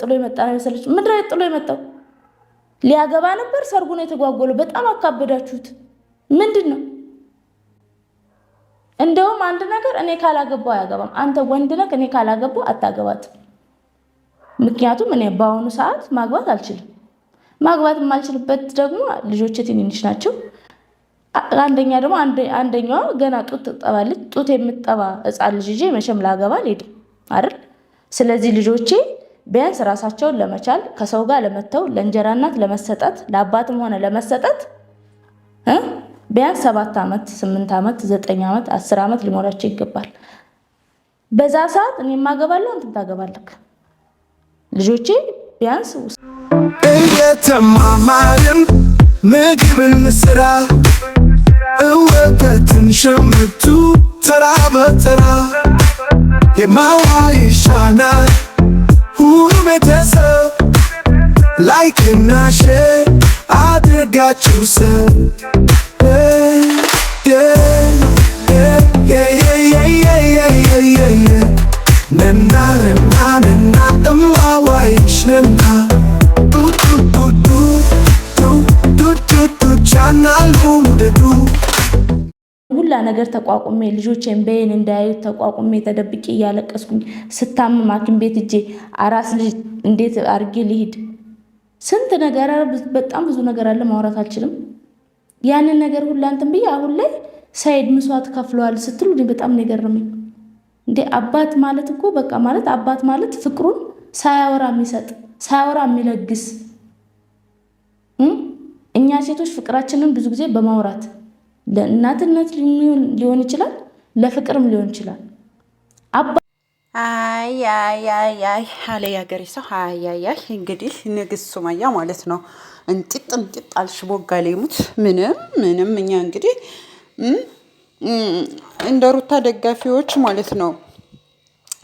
ጥሎ የመጣ ነው የመሰለች ምድር ጥሎ የመጣው ሊያገባ ነበር። ሰርጉ ነው የተጓጎለው። በጣም አካበዳችሁት። ምንድን ነው እንደውም አንድ ነገር እኔ ካላገባው አያገባም። አንተ ወንድ ነህ፣ እኔ ካላገባው አታገባትም። ምክንያቱም እኔ በአሁኑ ሰዓት ማግባት አልችልም። ማግባት የማልችልበት ደግሞ ልጆቼ ትንንሽ ናቸው። አንደኛ ደግሞ አንደኛዋ ገና ጡት ትጠባለች። ጡት የምትጠባ ሕፃን ልጅ መቼም ላገባ አልሄድም አይደል? ስለዚህ ልጆቼ ቢያንስ ራሳቸውን ለመቻል ከሰው ጋር ለመተው ለእንጀራ እናት ለመሰጠት ለአባትም ሆነ ለመሰጠት ቢያንስ ሰባት ዓመት ስምንት ዓመት ዘጠኝ ዓመት አስር ዓመት ሊሞላቸው ይገባል። በዛ ሰዓት እኔ ማገባለሁ አንተም ታገባለህ። ልጆቼ ቢያንስ እየተማማርን ምግብን ስራ እወተትን ሸምቱ ተራ በተራ የማዋ ይሻናል ውድ ቤተሰብ ላይክ ሼር አድርጋችሁ ሰብ ነገር ተቋቁሜ ልጆቼን በይን እንዳያዩ ተቋቁሜ ተደብቄ እያለቀስኩኝ ስታምም ሐኪም ቤት እጄ አራስ ልጅ እንዴት አድርጌ ልሂድ? ስንት ነገር በጣም ብዙ ነገር አለ፣ ማውራት አልችልም። ያንን ነገር ሁላንትን ብዬ አሁን ላይ ሳይድ ምስዋት ከፍለዋል ስትሉ በጣም ነው የገረመኝ። እንደ አባት ማለት እኮ በቃ ማለት አባት ማለት ፍቅሩን ሳያወራ የሚሰጥ ሳያወራ የሚለግስ እኛ ሴቶች ፍቅራችንን ብዙ ጊዜ በማውራት ለእናትነት ሊሆን ይችላል፣ ለፍቅርም ሊሆን ይችላል። አይ አይ አይ አይ አለ ያገሬ ሰው። አይ አይ አይ እንግዲህ ንግስት ሱመያ ማለት ነው። እንጢጥ እንጢጥ አልሽ ቦጋ ሌሙት። ምንም ምንም እኛ እንግዲህ እንደ ሩታ ደጋፊዎች ማለት ነው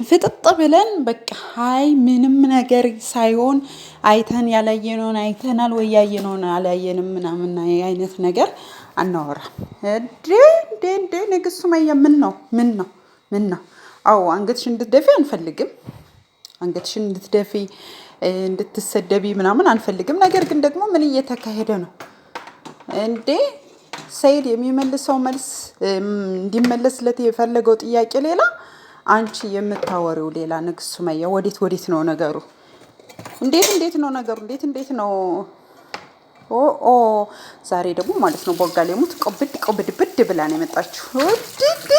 ፍጥጥ ብለን በቃ ሀይ ምንም ነገር ሳይሆን አይተን ያላየነውን አይተናል፣ ወይ ያየነውን አላየንም ምናምን አይነት ነገር አናወራም። እንዴ እንዴ እንዴ ንግስት ሱመያ ምን ነው ምን ነው ምን ነው? አዎ አንገትሽ እንድትደፊ አንፈልግም። አንገትሽ እንድትደፊ እንድትሰደቢ ምናምን አንፈልግም። ነገር ግን ደግሞ ምን እየተካሄደ ነው እንዴ? ሰይድ የሚመልሰው መልስ እንዲመለስለት የፈለገው ጥያቄ ሌላ፣ አንቺ የምታወሪው ሌላ። ንግስት ሱመያ ወዴት ወዴት ነው ነገሩ? እንዴት እንዴት ነው ነገሩ? እንዴት እንዴት ነው ኦ ዛሬ ደግሞ ማለት ነው ቦጋ ሌሙት ቆብድ ቆብድ ብድ ብላ ነው የመጣችሁ። ወድድ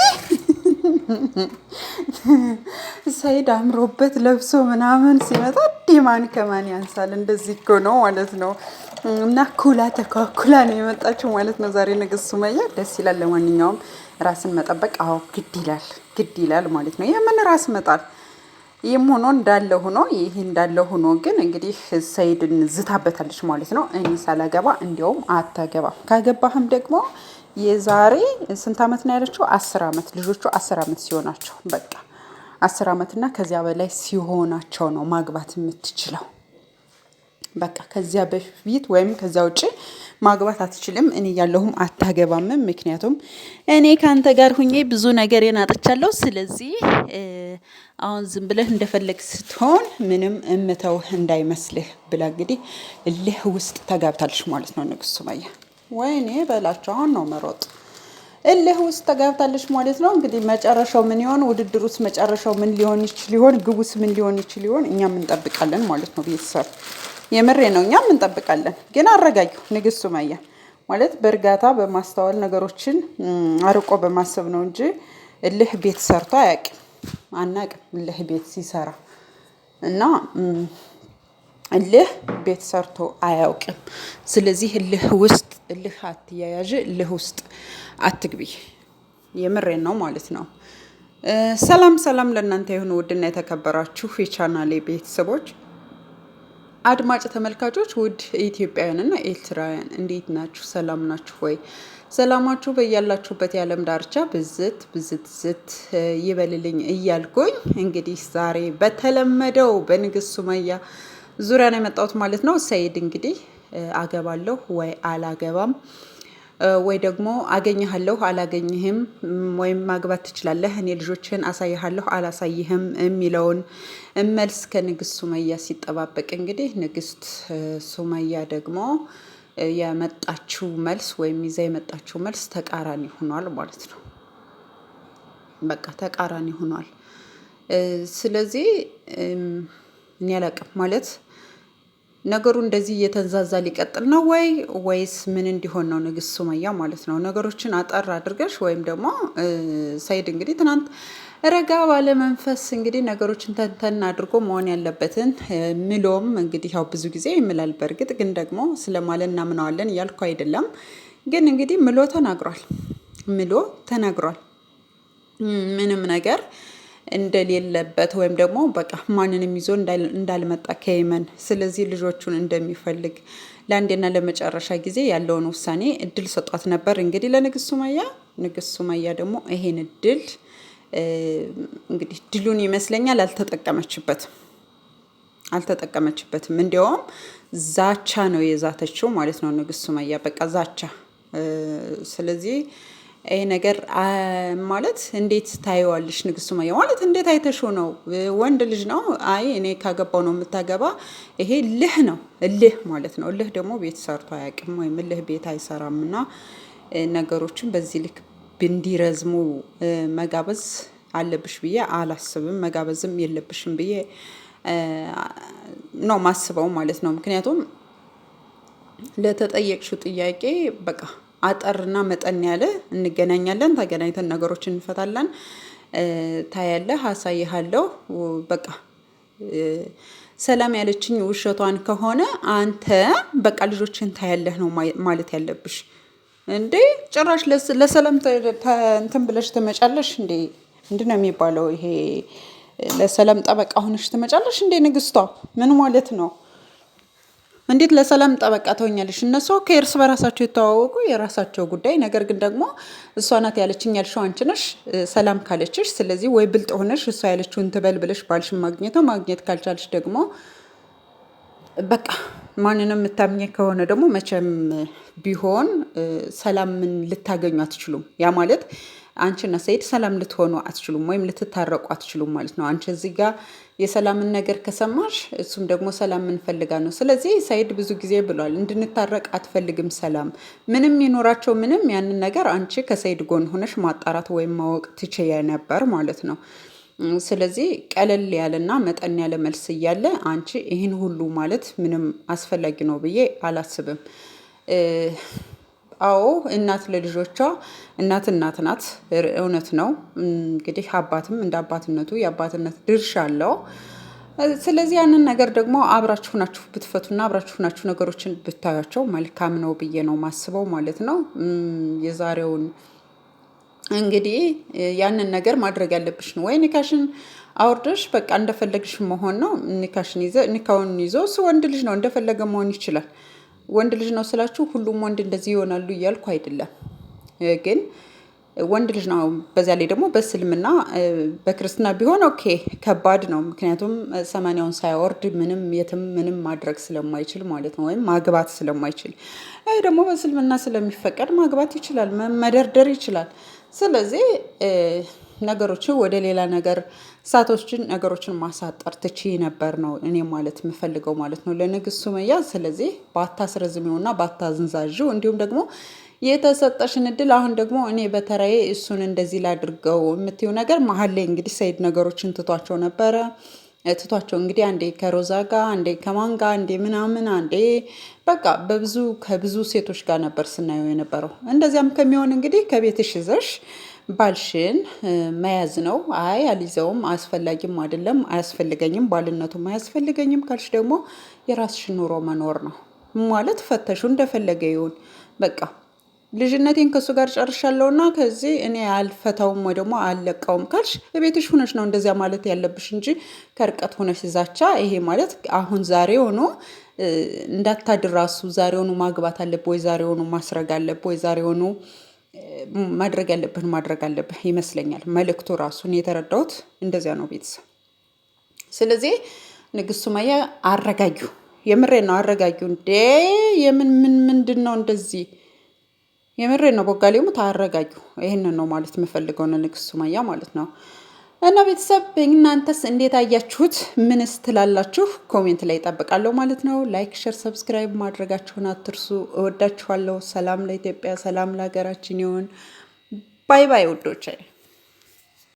ሰይድ አምሮበት ለብሶ ምናምን ሲመጣ ዲማን ከማን ያንሳል? እንደዚህ እኮ ነው ማለት ነው። እና ኩላ ተኳኩላ ነው የመጣችሁ ማለት ነው ዛሬ ንግስት ሱመያ። ደስ ይላል። ለማንኛውም ራስን መጠበቅ አዎ ግድ ይላል፣ ግድ ይላል ማለት ነው። የምን ራስ መጣል ይህም ሆኖ እንዳለ ሆኖ ይህ እንዳለ ሆኖ ግን እንግዲህ ሰይድን ዝታበታለች ማለት ነው። እኔ ሳላገባ እንዲያውም አታገባም፣ ካገባህም ደግሞ የዛሬ ስንት ዓመት ነው ያለችው? አስር ዓመት ልጆቹ አስር ዓመት ሲሆናቸው በቃ አስር ዓመትና ከዚያ በላይ ሲሆናቸው ነው ማግባት የምትችለው። በቃ ከዚያ በፊት ወይም ከዚያ ውጭ ማግባት አትችልም፣ እኔ ያለሁም አታገባምም። ምክንያቱም እኔ ከአንተ ጋር ሁኜ ብዙ ነገር አጥቻለሁ። ስለዚህ አሁን ዝም ብለህ እንደፈለግ ስትሆን ምንም እምተው እንዳይመስልህ ብላ እንግዲህ እልህ ውስጥ ተጋብታለች ማለት ነው ንግስት ሱመያ። ወይኔ በላቸው አሁን ነው መሮጥ እልህ ውስጥ ተጋብታለች ማለት ነው። እንግዲህ መጨረሻው ምን ይሆን? ውድድሩስ መጨረሻው ምን ሊሆን ይችል ይሆን? ግቡስ ምን ሊሆን ይችል ይሆን? እኛም እንጠብቃለን ማለት ነው ቤተሰብ የምሬ ነው። እኛም እንጠብቃለን። ግን አረጋጊው ንግስት ሱመያ ማለት በእርጋታ በማስተዋል ነገሮችን አርቆ በማሰብ ነው እንጂ እልህ ቤት ሰርቶ አያውቅም፣ አናውቅም እልህ ቤት ሲሰራ እና እልህ ቤት ሰርቶ አያውቅም። ስለዚህ እልህ ውስጥ እልህ አትያያዥ፣ እልህ ውስጥ አትግቢ። የምሬን ነው ማለት ነው። ሰላም ሰላም ለእናንተ የሆኑ ውድና የተከበራችሁ የቻናሌ ቤተሰቦች አድማጭ ተመልካቾች ውድ ኢትዮጵያውያንና ኤርትራውያን እንዴት ናችሁ? ሰላም ናችሁ ወይ? ሰላማችሁ በያላችሁበት የዓለም ዳርቻ ብዝት ብዝት ዝት ይበልልኝ እያልኩኝ እንግዲህ ዛሬ በተለመደው በንግስት ሱመያ ዙሪያ ነው የመጣሁት ማለት ነው። ሰይድ እንግዲህ አገባለሁ ወይ አላገባም ወይ ደግሞ አገኘሃለሁ አላገኝህም፣ ወይም ማግባት ትችላለህ፣ እኔ ልጆችን አሳይሃለሁ አላሳይህም የሚለውን መልስ ከንግስት ሱመያ ሲጠባበቅ እንግዲህ ንግስት ሱመያ ደግሞ የመጣችው መልስ ወይም ይዛ የመጣችው መልስ ተቃራኒ ሆኗል ማለት ነው። በቃ ተቃራኒ ሆኗል። ስለዚህ እኔ አላቅም ማለት ነገሩ እንደዚህ እየተንዛዛ ሊቀጥል ነው ወይ ወይስ ምን እንዲሆን ነው? ንግስት ሱመያ ማለት ነው። ነገሮችን አጠር አድርገሽ ወይም ደግሞ ሳይድ እንግዲህ ትናንት ረጋ ባለመንፈስ እንግዲህ ነገሮችን ተንተን አድርጎ መሆን ያለበትን ምሎም እንግዲህ ያው ብዙ ጊዜ ይምላል። በእርግጥ ግን ደግሞ ስለማለ እናምነዋለን እያልኩ አይደለም። ግን እንግዲህ ምሎ ተናግሯል፣ ምሎ ተናግሯል። ምንም ነገር እንደሌለበት ወይም ደግሞ በቃ ማንንም ይዞ እንዳልመጣ ከየመን ስለዚህ ልጆቹን እንደሚፈልግ ለአንዴና ለመጨረሻ ጊዜ ያለውን ውሳኔ እድል ሰጧት ነበር እንግዲህ ለንግስት ሱመያ። ንግስት ሱመያ ደግሞ ይሄን እድል እንግዲህ ድሉን ይመስለኛል አልተጠቀመችበትም አልተጠቀመችበትም። እንዲያውም ዛቻ ነው የዛተችው ማለት ነው ንግስት ሱመያ በቃ ዛቻ። ስለዚህ ይሄ ነገር ማለት እንዴት ታየዋለሽ? ንግስት ሱመያ ማለት እንዴት አይተሾ ነው? ወንድ ልጅ ነው። አይ እኔ ካገባው ነው የምታገባ። ይሄ ልህ ነው፣ እልህ ማለት ነው። እልህ ደግሞ ቤት ሰርቶ አያውቅም፣ ወይም እልህ ቤት አይሰራም። እና ነገሮችን በዚህ ልክ እንዲረዝሙ መጋበዝ አለብሽ ብዬ አላስብም። መጋበዝም የለብሽም ብዬ ነው ማስበው ማለት ነው። ምክንያቱም ለተጠየቅሽው ጥያቄ በቃ አጠርና መጠን ያለ እንገናኛለን። ተገናኝተን ነገሮችን እንፈታለን። ታያለህ፣ አሳይሃለሁ። በቃ ሰላም ያለችኝ ውሸቷን ከሆነ አንተ በቃ ልጆችን ታያለህ ነው ማለት ያለብሽ። እንዴ ጭራሽ ለሰላም እንትን ብለሽ ትመጫለሽ እንዴ? ምንድን ነው የሚባለው ይሄ? ለሰላም ጠበቃ ሆነሽ ትመጫለሽ እንዴ ንግስቷ? ምን ማለት ነው? እንዴት ለሰላም ጠበቃ ተወኛለሽ? እነሱ ከእርስ በራሳቸው የተዋወቁ የራሳቸው ጉዳይ። ነገር ግን ደግሞ እሷ ናት ያለችኝ ያልሽው አንቺ ነሽ። ሰላም ካለችሽ፣ ስለዚህ ወይ ብልጥ ሆነሽ እሷ ያለችውን ትበል ብለሽ ባልሽን ማግኘት ነው። ማግኘት ካልቻለሽ ደግሞ በቃ ማንንም የምታምኘ ከሆነ ደግሞ መቼም ቢሆን ሰላምን ልታገኙ አትችሉም። ያ ማለት አንቺና ሰይድ ሰላም ልትሆኑ አትችሉም፣ ወይም ልትታረቁ አትችሉም ማለት ነው። አንቺ እዚህ ጋር የሰላምን ነገር ከሰማሽ እሱም ደግሞ ሰላም ምንፈልጋ ነው። ስለዚህ ሳይድ ብዙ ጊዜ ብሏል፣ እንድንታረቅ አትፈልግም ሰላም። ምንም ይኖራቸው ምንም፣ ያንን ነገር አንቺ ከሰይድ ጎን ሆነሽ ማጣራት ወይም ማወቅ ትቼ ነበር ማለት ነው። ስለዚህ ቀለል ያለና መጠን ያለ መልስ እያለ አንቺ ይህን ሁሉ ማለት ምንም አስፈላጊ ነው ብዬ አላስብም። አዎ እናት ለልጆቿ እናት እናት ናት። እውነት ነው። እንግዲህ አባትም እንደ አባትነቱ የአባትነት ድርሻ አለው። ስለዚህ ያንን ነገር ደግሞ አብራችሁ ናችሁ ብትፈቱና አብራችሁ ናችሁ ነገሮችን ብታያቸው መልካም ነው ብዬ ነው ማስበው ማለት ነው። የዛሬውን እንግዲህ ያንን ነገር ማድረግ ያለብሽ ነው ወይ ኒካሽን አውርደሽ በቃ እንደፈለግሽ መሆን ነው። ኒካሽን ኒካውን ይዞ ወንድ ልጅ ነው እንደፈለገ መሆን ይችላል። ወንድ ልጅ ነው ስላችሁ ሁሉም ወንድ እንደዚህ ይሆናሉ እያልኩ አይደለም። ግን ወንድ ልጅ ነው። በዚያ ላይ ደግሞ በእስልምና በክርስትና ቢሆን ኦኬ ከባድ ነው። ምክንያቱም ሰማንያውን ሳያወርድ ምንም የትም ምንም ማድረግ ስለማይችል ማለት ነው፣ ወይም ማግባት ስለማይችል። ይህ ደግሞ በእስልምና ስለሚፈቀድ ማግባት ይችላል፣ መደርደር ይችላል። ስለዚህ ነገሮችን ወደ ሌላ ነገር ሳቶችን ነገሮችን ማሳጠር ትቺ ነበር ነው እኔ ማለት የምፈልገው ማለት ነው ለንግስት ሱመያ። ስለዚህ ባታስረዝሚውና ባታዝንዛዥው እንዲሁም ደግሞ የተሰጠሽን እድል አሁን ደግሞ እኔ በተራዬ እሱን እንደዚህ ላድርገው የምትይው ነገር መሀል ላይ እንግዲህ ሰይድ ነገሮችን ትቷቸው ነበረ ትቷቸው እንግዲህ አንዴ ከሮዛ ጋር አንዴ ከማንጋ አንዴ ምናምን አንዴ በቃ በብዙ ከብዙ ሴቶች ጋር ነበር ስናየው የነበረው። እንደዚያም ከሚሆን እንግዲህ ከቤትሽ ይዘሽ ባልሽን መያዝ ነው። አይ አልይዘውም፣ አያስፈላጊም፣ አይደለም፣ አያስፈልገኝም፣ ባልነቱም አያስፈልገኝም ካልሽ ደግሞ የራስሽን ኑሮ መኖር ነው ማለት ፈተሹ እንደፈለገ ይሁን በቃ ልጅነቴን ከእሱ ጋር ጨርሻለሁና ከዚህ እኔ አልፈታውም ወይ ደግሞ አልለቀውም ካልሽ ቤትሽ ሁነሽ ነው እንደዚያ ማለት ያለብሽ እንጂ ከርቀት ሁነሽ ዛቻ። ይሄ ማለት አሁን ዛሬ ሆኖ እንዳታድራሱ ዛሬ ሆኑ ማግባት አለብ ወይ ዛሬ ሆኑ ማስረግ አለብ ወይ ዛሬ ሆኑ ማድረግ ያለብህን ማድረግ አለብህ ይመስለኛል። መልእክቱ ራሱን የተረዳሁት እንደዚያ ነው ቤተሰብ። ስለዚህ ንግስት ሱመያ አረጋጊ፣ የምሬ ነው አረጋጊ። እንዴ የምን ምን ምንድን ነው እንደዚህ? የምሬ ነው ቦጋሌሙት አረጋጊ። ይህንን ነው ማለት የምፈልገው ንግስት ሱመያ ማለት ነው። እና ቤተሰብ እናንተስ እንዴት አያችሁት? ምንስ ትላላችሁ? ኮሜንት ላይ ይጠብቃለሁ ማለት ነው። ላይክ፣ ሸር፣ ሰብስክራይብ ማድረጋችሁን አትርሱ። እወዳችኋለሁ። ሰላም ለኢትዮጵያ፣ ሰላም ለሀገራችን ይሆን። ባይ ባይ ውዶች።